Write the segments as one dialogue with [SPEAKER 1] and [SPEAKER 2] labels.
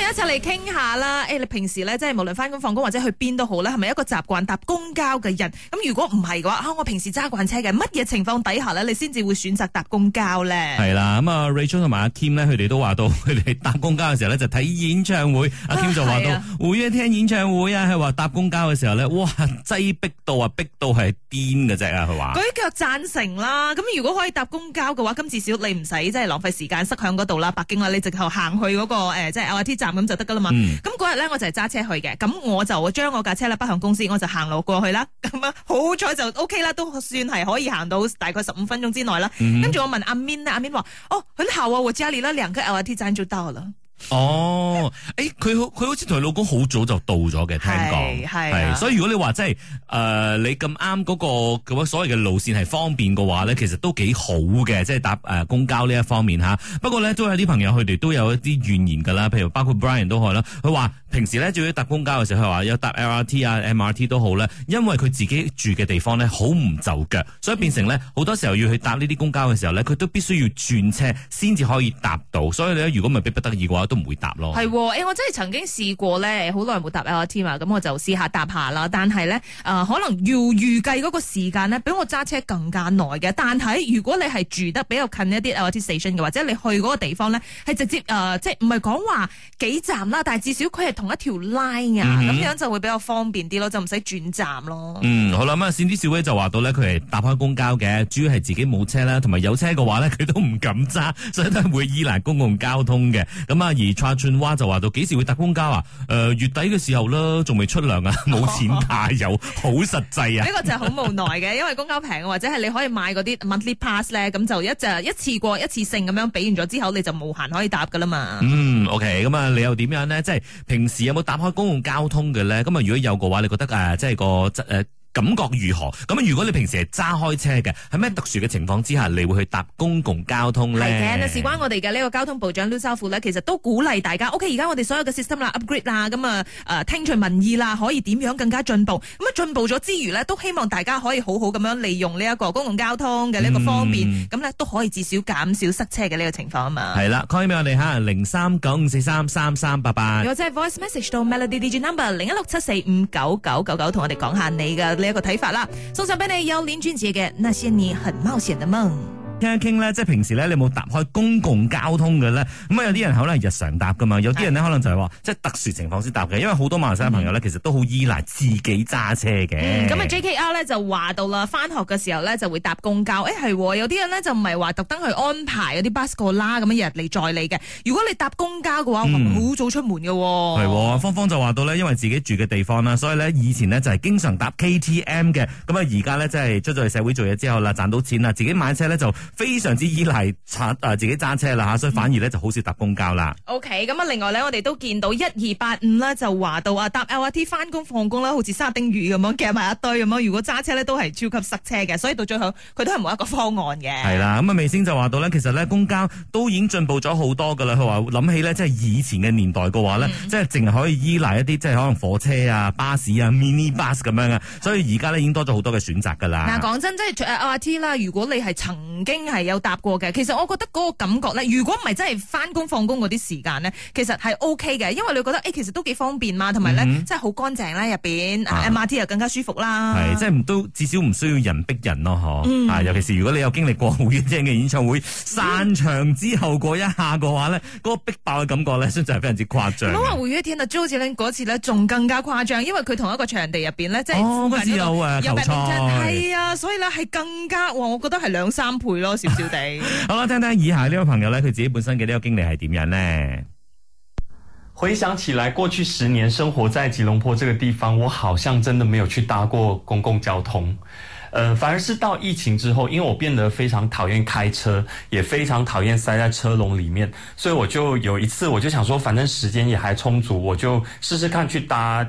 [SPEAKER 1] 一齊嚟傾下啦！誒，你平時咧，即係無論翻工放工或者去邊都好咧，係咪一個習慣搭公交嘅人？咁如果唔係嘅話，嚇我平時揸慣車嘅，乜嘢情況底下咧，你先至會選擇搭公交咧？係
[SPEAKER 2] 啦，咁啊，Rachel 同埋阿 Kim 咧，佢哋都話到佢哋搭公交嘅時候咧，就睇演唱會。阿 Kim 就話到會啊，聽演唱會啊，係話搭公交嘅時候咧，哇擠逼到啊，逼到係癲嘅啫啊！佢話，舉
[SPEAKER 1] 腳贊成啦。咁如果可以搭公交嘅話，咁至少你唔使即係浪費時間塞響嗰度啦，北京啊，你直頭行去嗰個誒，即係亞鐵站。咁就得噶啦嘛，咁嗰日咧我就係揸車去嘅，咁我就將我架車啦，北向公司，我就行路過去啦，咁、嗯、啊好彩就 OK 啦，都算係可以行到大概十五分鐘之內啦，跟、mm、住 -hmm. 我問阿 Min，阿 Min 話：，哦，很好啊，我家裏啦兩個 LRT 站就到啦
[SPEAKER 2] 哦，誒，佢好，佢好似同佢老公好早就到咗嘅，聽講係，所以如果你話即係誒你咁啱嗰個咁所謂嘅路線係方便嘅話咧，其實都幾好嘅，即係搭誒公交呢一方面吓。不過咧，都有啲朋友佢哋都有一啲怨言噶啦，譬如包括 Brian 都好啦，佢話平時咧就要搭公交嘅時候，佢話有搭 LRT 啊 MRT 都好咧，因為佢自己住嘅地方咧好唔就腳，所以變成咧好多時候要去搭呢啲公交嘅時候咧，佢都必須要轉車先至可以搭到，所以咧如果唔係逼不得已嘅話。都唔會搭咯，係
[SPEAKER 1] 喎、欸，我真係曾經試過咧，好耐冇搭 LRT 啊！咁我就試下搭下啦，但係咧誒，可能要預計嗰個時間咧，比我揸車更加耐嘅。但係如果你係住得比較近一啲 LRT station 嘅，或者你去嗰個地方咧，係直接誒、呃，即係唔係講話幾站啦，但係至少佢係同一條 line 啊、嗯，咁樣就會比較方便啲咯，就唔使轉站咯。嗯，
[SPEAKER 2] 好啦，咁啊，啲小威就話到呢，佢係搭開公交嘅，主要係自己冇車啦，同埋有車嘅話咧，佢都唔敢揸，所以都係會依賴公共交通嘅。咁啊～而叉串蛙就話到幾時會搭公交啊？誒、呃，月底嘅時候啦，仲未出糧啊，冇錢搭又，好、oh. 實際啊！呢、這個就係好
[SPEAKER 1] 無奈嘅，因為公交平，或者係你可以買嗰啲 monthly pass 咧，咁就一就一次過一次性咁樣俾完咗之後，你就無限可以搭噶啦嘛。
[SPEAKER 2] 嗯，OK，咁啊，你又點樣咧？即、就、係、是、平時有冇搭開公共交通嘅咧？咁啊，如果有嘅話，你覺得誒，即、啊、係、就是、個誒。呃感覺如何？咁如果你平時係揸開車嘅，喺咩特殊嘅情況之下，你會去搭公共交通呢？係嘅，事
[SPEAKER 1] 關我哋嘅呢個交通部長陸兆福呢，其實都鼓勵大家。OK，而家我哋所有嘅 system 啦，upgrade 啦，咁啊，誒，聽取民意啦，可以點樣更加進步？咁啊，進步咗之餘呢，都希望大家可以好好咁樣利用呢一個公共交通嘅呢個方便，咁、嗯、呢，都可以至少減少塞車嘅呢個情況啊嘛。係啦
[SPEAKER 2] ，call 俾我哋吓零三九五四三三三八八，或
[SPEAKER 1] 係 voice message 到 Melody DJ number 零一六七四五九九九九，同我哋講下你嘅。你、這、一個睇法啦，送上俾你有林俊傑嘅那些你很冒險的夢。傾一傾
[SPEAKER 2] 咧，即係平時咧，你有冇搭開公共交通嘅咧？咁啊，有啲人可能日常搭噶嘛，有啲人咧可能就係話，即係特殊情況先搭嘅，因為好多馬來西亞朋友咧，其實都好依賴自己揸車嘅。咁、嗯、啊
[SPEAKER 1] ，J K R 咧就話到啦，返學嘅時候咧就會搭公交。誒、欸，係，有啲人咧就唔係話特登去安排嗰啲 bus 過啦，咁樣日嚟載你嘅。如果你搭公交嘅話，好早出門嘅。係、
[SPEAKER 2] 嗯，芳芳就話到咧，因為自己住嘅地方啦，所以咧以前咧就係經常搭 K T M 嘅。咁啊，而家咧即係出咗去社會做嘢之後啦，賺到錢啦，自己買車咧就。非常之依賴自己揸車啦吓，所以反而咧就好少搭公交啦。
[SPEAKER 1] O K，咁啊，另外咧，我哋都見到一二八五啦就話到啊搭 LRT 翻工放工啦，好似沙丁魚咁樣夾埋一堆咁樣。如果揸車咧都係超級塞車嘅，所以到最後佢都係冇一個方案嘅。係啦，
[SPEAKER 2] 咁啊，美星就話到咧，其實咧公交都已經進步咗好多噶啦。佢話諗起咧，即係以前嘅年代嘅話咧、嗯，即係淨係可以依賴一啲即係可能火車啊、巴士啊、mini bus 咁、嗯、樣啊，所以而家咧已經多咗好多嘅選擇噶啦。嗱、啊，
[SPEAKER 1] 講真即係 LRT 啦，如果你係曾經。係有搭過嘅，其實我覺得嗰個感覺咧，如果唔係真係翻工放工嗰啲時間咧，其實係 O K 嘅，因為你覺得誒、欸、其實都幾方便嘛，同埋咧即係好乾淨咧入邊，MRT 又更加舒服啦，係即係
[SPEAKER 2] 都至少唔需要人逼人咯。嗯、尤其是如果你有經歷過胡語晶嘅演唱會散場之後嗰一下嘅話咧，嗰、嗯那個逼爆嘅感覺咧，實在係非常之誇張。好話
[SPEAKER 1] 胡語天阿 Jo 嗰次咧，仲更加誇張，因為佢同一個場地入邊咧，即係只有，、哦、有啊，係啊，所以咧係更加，我、哦、我覺得係兩三倍咯。
[SPEAKER 3] 小小 好啦，聽聽以下呢位朋友呢，佢自己本身嘅呢個經歷係點樣呢？回想起來，過去十年生活在吉隆坡這個地方，我好像真的沒有去搭過公共交通，誒、呃，反而是到疫情之後，因為我變得非常討厭開車，也非常討厭塞在車籠裏面，所以我就有一次我就想說，反正時間也還充足，我就試試看去搭。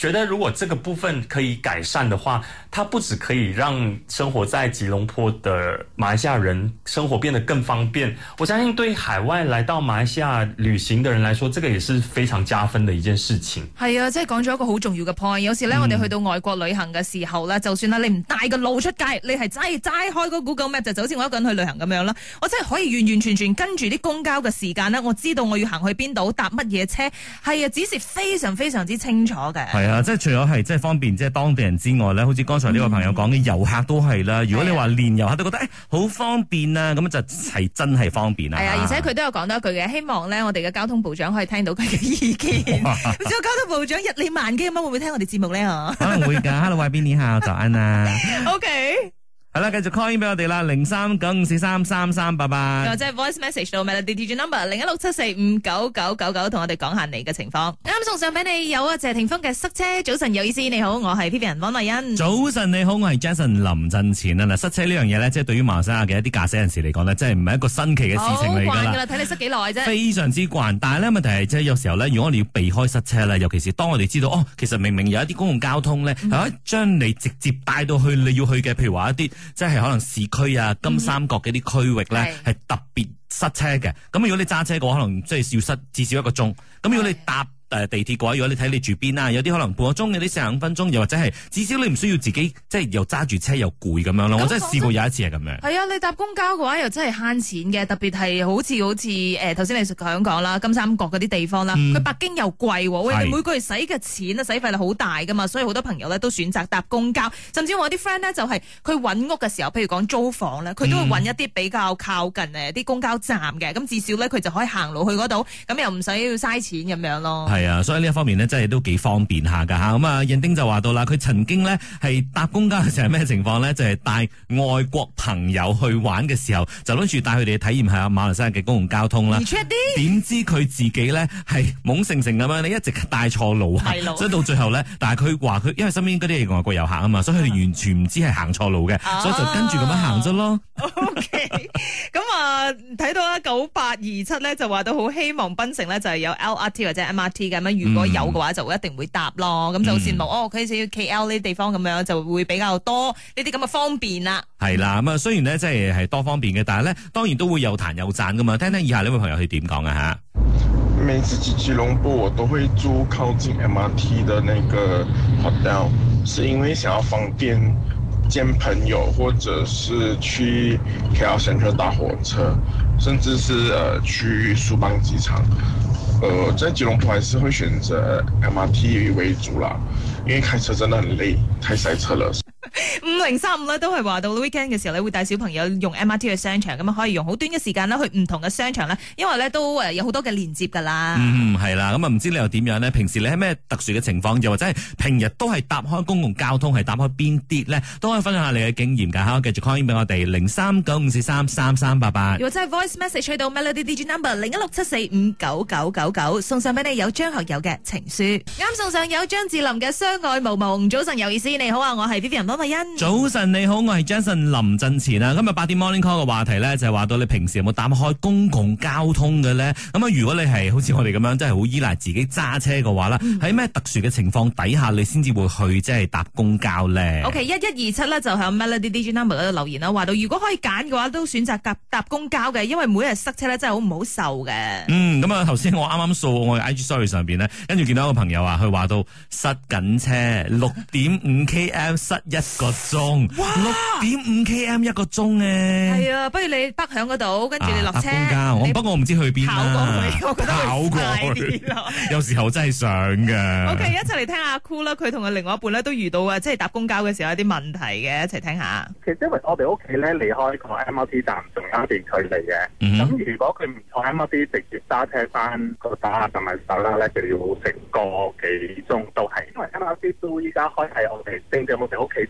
[SPEAKER 3] 覺得如果這個部分可以改善的話，它不止可以讓生活在吉隆坡的馬來西亞人生活變得更方便，我相信對海外來到馬來西亞旅行的人來說，這個也是非常加分的一件事情。
[SPEAKER 1] 係啊，即係講咗一個好重要嘅 point。有時呢，我哋去到外國旅行嘅時候呢、嗯，就算啦，你唔帶個路出街，你係齋齋開個 Google Map 就走，就好似我一個人去旅行咁樣啦，我真係可以完完全全跟住啲公交嘅時間呢。我知道我要行去邊度搭乜嘢車，係啊，只是非常非常之清楚嘅。
[SPEAKER 2] 即係除咗係即係方便即係當地人之外咧，好似剛才呢位朋友講嘅遊客都係啦。如果你話連遊客都覺得誒好、欸、方便啊，咁就係真係方便啦。係、嗯、啊、嗯，而且
[SPEAKER 1] 佢都有講多一句嘅，希望咧我哋嘅交通部長可以聽到佢嘅意見。
[SPEAKER 2] 唔知交
[SPEAKER 1] 通部長日理萬機咁樣會唔會聽我哋節目咧？可能
[SPEAKER 2] 會噶。 Hello，外邊你好，早安啊。 OK。係啦，繼續 call in 俾我哋啦，零三九五四三三三，八八。或
[SPEAKER 1] 者 voice message 到 Melody，D T G number 零一六七四五九九九九，同我哋講下你嘅情況。啱、嗯、送上俾你有啊，謝霆鋒嘅塞車，早晨有意思，你好，我係 P P 人汪麗欣。早晨你好，
[SPEAKER 2] 我係 Jason 林振前啊。嗱，塞車呢樣嘢咧，即、就、係、是、對於馬來西亞嘅一啲駕駛人士嚟講咧，即係唔係一個新奇嘅事情嚟噶啦。睇你
[SPEAKER 1] 塞幾耐啫。非
[SPEAKER 2] 常之慣，但係咧問題係，即係有時候咧，如果你要避開塞車咧，尤其是當我哋知道哦，其實明明有一啲公共交通咧，可以將你直接帶到去你要去嘅，譬如話一啲。即係可能市區啊、金三角嘅啲區域咧，係、嗯、特別塞車嘅。咁如果你揸車嘅話，可能即係要塞至少一個鐘。咁如果你搭，誒，地鐵嘅話，如果你睇你住邊啦，有啲可能半個鐘，有啲四十五分鐘，又或者係至少你唔需要自己即係又揸住車又攰咁樣咯、嗯。我真係試過有一次係咁樣。係
[SPEAKER 1] 啊，你搭公交嘅話又真係慳錢嘅，特別係好似好似誒頭先你想講啦，金三角嗰啲地方啦，佢、嗯、北京又貴，喂、欸，每個月使嘅錢使費力好大噶嘛，所以好多朋友咧都選擇搭公交，甚至我啲 friend 咧就係佢揾屋嘅時候，譬如講租房咧，佢都會揾一啲比較靠近誒啲公交站嘅，咁、嗯、至少咧佢就可以行路去嗰度，咁又唔使要嘥錢咁樣咯。
[SPEAKER 2] 係啊，所以呢一方面咧，真係都幾方便下噶吓。咁、嗯、啊，燕丁就話到啦，佢曾經咧係搭公交嘅時候係咩情況咧，就係、是、帶外國朋友去玩嘅時候，就諗住帶佢哋體驗下馬來西亞嘅公共交通啦。點知佢自己咧係懵成成咁樣，你一直帶錯路，所以到最後咧，但係佢話佢因為身邊嗰啲係外國遊客啊嘛，所以佢哋完全唔知係行錯路嘅、啊，所以就跟住咁樣行咗咯。OK，
[SPEAKER 1] 咁 啊，睇、呃、到啊九八二七咧就話到好希望檳城咧就係有 LRT 或者 MRT。咁啊，如果有嘅話、嗯、就一定會搭咯，咁、嗯、就好羨慕哦。佢要 K L 呢啲地方咁樣就會比較多呢啲咁嘅方便啦。
[SPEAKER 2] 係啦，咁啊，雖然咧即係係多方便嘅，但係咧當然都會有彈有讚噶嘛。聽聽以下呢位朋友係點講啊吓。
[SPEAKER 3] 每次去吉隆坡我都會租靠近 M R T 嘅那個 hotel，是因為想要方便見朋友，或者是去 K L Sentral 搭火車，甚至是呃去舒邦機場。呃，在吉隆坡還是會選擇 MRT 為主啦，因為開車真的很累，太塞車了。
[SPEAKER 1] 五零三五咧，都係話到 weekend 嘅時候，你會帶小朋友用 MRT 去商場，咁啊可以用好短嘅時間咧去唔同嘅商場咧，因為咧都誒有好多嘅連接噶啦。嗯，
[SPEAKER 2] 係啦，咁啊唔知你又點樣咧？平時你喺咩特殊嘅情況，又或者係平日都係搭開公共交通係搭開邊啲咧？都可以分享下你嘅經驗噶吓，繼續 call 翻俾我哋零三九五四三三三八八。如
[SPEAKER 1] 果真係 voice message 去到 melody Digi number 零一六七四五九九九九，送上俾你有張學友嘅情書。啱送上有張智霖嘅相愛無夢。早晨有意思，你好啊，我係 Vivian
[SPEAKER 2] 早晨你好，我係 Jason 林振前啊！今日八點 morning call 嘅話題咧，就係話到你平時有冇搭開公共交通嘅咧？咁啊，如果你係好似我哋咁樣，即係好依賴自己揸車嘅話啦，喺、嗯、咩特殊嘅情況底下，你先至會去即係搭公交咧？O
[SPEAKER 1] K，一一二七咧就喺 Melody 啲 DJ number 嗰度留言啦，話到如果可以揀嘅話，都選擇搭搭公交嘅，因為每日塞車咧真係好唔好受嘅。
[SPEAKER 2] 嗯，咁啊，頭先我啱啱數我喺 IG story 上邊咧，跟住見到一個朋友啊，佢話到塞緊車，六點五 km 塞一。一個鐘，六點五 km 一個鐘咧，啊，係
[SPEAKER 1] 啊，不如你北響嗰度，跟住你落車，啊，公交，過啊，不過我唔
[SPEAKER 2] 知道去邊啦，啊，跑過去，跑過去，有時候真係想
[SPEAKER 3] 噶。 OK，
[SPEAKER 1] 一齊嚟聽，聽阿 Cool 啦，佢同佢另外一半咧都遇到啊，即係搭公交嘅時候有啲問題嘅，一齊聽下。
[SPEAKER 3] 其實因為我哋屋企咧離開個 MRT 站仲有一段距離嘅，咁，mm -hmm. 如果佢唔坐 MRT 直接揸車翻個家同埋走啦咧，就要成個幾鐘都係，因為 MRT 都依家開喺我哋正正我哋屋企。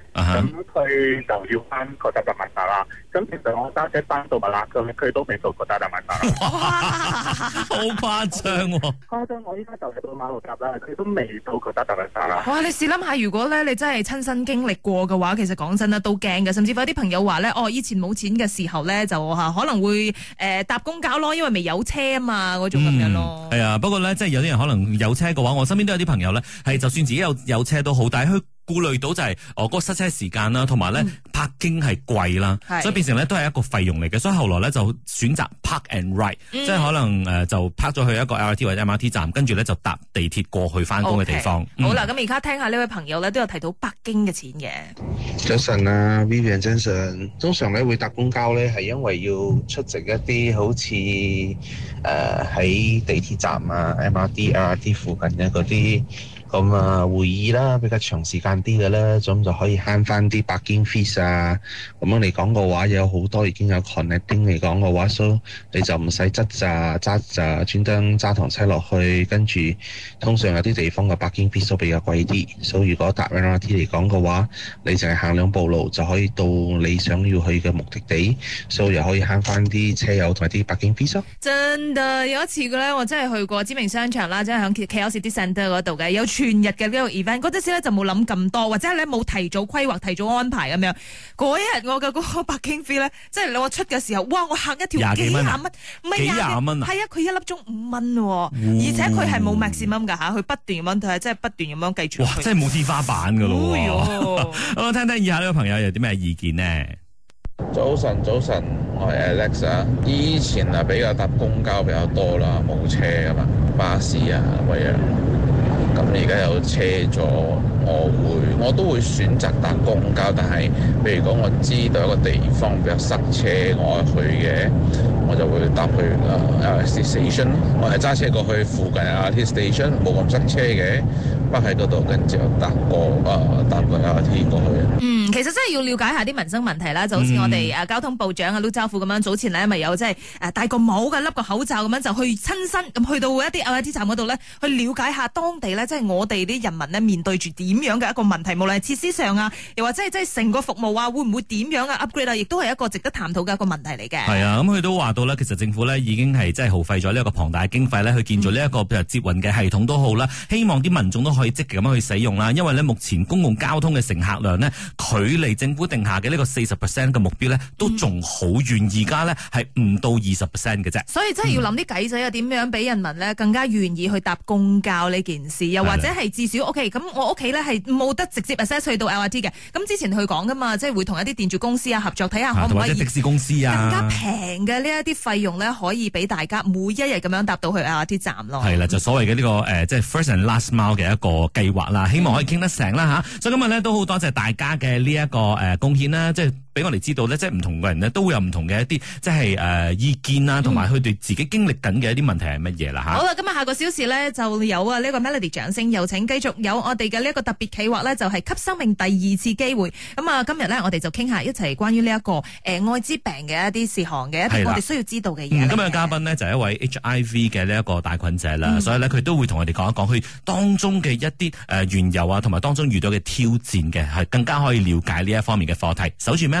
[SPEAKER 3] 咁、嗯、佢、嗯嗯、就要翻過搭搭馬甲啦。咁其實我家姐翻到咪啦，咁佢都未到過搭搭馬
[SPEAKER 1] 甲啦。哇，好誇張喎！誇張，我依家
[SPEAKER 3] 就係到馬路甲啦，佢都未到過搭搭馬甲啦。哇，你
[SPEAKER 1] 試諗下，如果咧你真係親身經歷過嘅話，其實講真啦，都驚嘅。甚至乎有啲朋友話咧，哦，以前冇錢嘅時候咧，就吓可能會誒搭公交咯，因為未有車啊嘛，嗰種咁樣咯。
[SPEAKER 2] 係、嗯、啊，不過咧，即係有啲人可能有車嘅話，我身邊都有啲朋友咧，係就算自己有有車都好，但係去。顧慮到就係、是、我個塞車時間啦，同埋咧泊經係貴啦，所以變成咧都係一個費用嚟嘅。所以後來咧就選擇 park and ride，、嗯、即係可能、呃、就泊咗去一個 LRT 或者 MRT 站，跟住咧就搭地鐵過去返工嘅地方、okay 嗯。好
[SPEAKER 1] 啦，咁而家聽下呢位朋友咧都有提到北京嘅錢嘅。
[SPEAKER 3] 早晨啊 Vivian，早晨。通常咧會搭公交咧係因為要出席一啲好似喺、呃、地鐵站啊、MRT 啊、LRT 附近嘅嗰啲。咁啊，會議啦，比較長時間啲嘅啦，咁就可以慳翻啲 parking fee 啊。咁樣嚟講嘅話，有好多已經有 connecting 嚟講嘅話，所以你就唔使執揸揸揸專登揸堂車落去，跟住通常有啲地方嘅 parking fee 都比較貴啲，所以如果搭 RRT 嚟講嘅話，
[SPEAKER 2] 你淨係行兩步路就可以到你想要去嘅目的地，所以又可以慳翻啲車油同埋啲 parking fee 數。
[SPEAKER 1] 真嘅，有一次嘅咧，我真係去過知名商場啦，即係喺 KLCC Center 嗰度嘅，全日嘅呢個 event，嗰陣時咧就冇諗咁多，或者你冇提早規劃，提早安排咁樣。嗰一日我嘅嗰個 parking fee 咧，即係我出嘅時候，哇！我行一條廿幾蚊，唔係廿蚊，係啊，佢、啊、一粒鐘五蚊，而且佢係冇 maximum 噶吓，佢不斷咁樣，佢、就是、即係不斷咁樣計住即係冇天花板噶咯。哎、
[SPEAKER 2] 我聽聽以下呢個朋友有啲咩意見呢？早晨，早晨，我係 Alexa。以前啊，比較搭公交比較多啦，冇車噶嘛，巴士啊咁樣。
[SPEAKER 3] 喂啊而家有車咗，我會我都會選擇搭公交，但係譬如講，我知道有個地方比如塞車我，我去
[SPEAKER 2] 嘅。就會搭去 uh, uh, station, 啊啊 T station，我係揸車過去附近，uh, station, 啊 T station，冇咁塞車嘅，翻喺嗰度，跟住又搭個啊搭個啊 T 過去。嗯，
[SPEAKER 1] 其實真係要了解下啲民生問題啦，就好似、嗯、我哋啊交通部長啊陸兆福咁樣，早前呢咪有即係誒戴個帽嘅，笠個口罩咁樣就去親身咁去到一啲啊 T 站嗰度呢，去了解下當地呢，即、就、係、是、我哋啲人民咧面對住點樣嘅一個問題，無論係設施上啊，又或者係即係成個服務啊，會唔會點樣嘅 upgrade 啊，亦都係一個值得探討嘅一個問題嚟嘅。係啊，
[SPEAKER 2] 咁佢都話到其實政府咧已經係即係耗費咗呢一個龐大經費咧去建造呢一個接運嘅系統都好啦，希望啲民眾都可以積極咁去使用啦。因為呢目前公共交通嘅乘客量呢，距離政府定下嘅呢個四十 percent 嘅目標呢，都仲好遠。而家呢係唔到二十 percent 嘅啫。所以真係要
[SPEAKER 1] 諗啲計仔啊，點樣俾人民呢更加願意去搭公交呢件事？又或者係至少，OK，咁我屋企呢係冇得直接 access 去到 LRT 嘅。咁之前佢講噶嘛，即係會同一啲電召公司啊合作，睇下可唔可以的士
[SPEAKER 2] 公司啊，更加
[SPEAKER 1] 平嘅呢一啲。費用咧可以俾大家每一日咁樣搭到去啊鐵站咯，係
[SPEAKER 2] 啦，就所謂嘅呢、這個誒，即、就、係、是、first and last mile 嘅一個計劃啦，希望可以傾得成啦吓，所以今日咧都好多謝大家嘅呢一個誒貢獻啦，即係。俾我哋知道咧，即係唔同嘅人呢，都會有唔同嘅一啲，即係誒、呃、意見啊，同埋佢哋自己經歷緊嘅一啲問題係乜嘢啦吓。好、嗯、啦、
[SPEAKER 1] 嗯，今日下個小時咧就有啊呢個 Melody 掌聲，有請繼續有我哋嘅呢一個特別企劃咧，就係給生命第二次機會。咁、嗯、啊，今日咧我哋就傾下一齊關於呢、這、一個誒、呃、艾滋病嘅一啲事項嘅，一啲我哋需要知道嘅嘢、嗯。今日嘅
[SPEAKER 2] 嘉賓呢，就係一位 HIV 嘅呢一個帶菌者啦、嗯，所以咧佢都會同我哋講一講佢當中嘅一啲誒緣由啊，同埋當中遇到嘅挑戰嘅，係更加可以了解呢一方面嘅課題。守住咩？